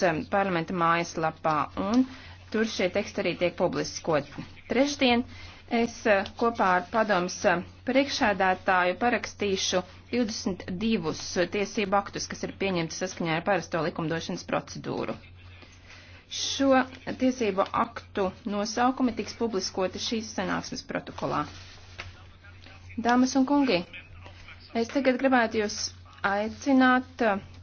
atrasts um, parlamenta mājaslapā, un tur šie teksti arī tiek publiskot. Trešdien es uh, kopā ar padoms um, priekšēdētāju parakstīšu 22 uh, tiesību aktus, kas ir pieņemti saskaņā ar parasto likumdošanas procedūru. Šo tiesību aktu nosaukumi tiks publiskoti šīs sanāksmes protokolā. Dāmas un kungi, es tagad gribētu jūs aicināt uh,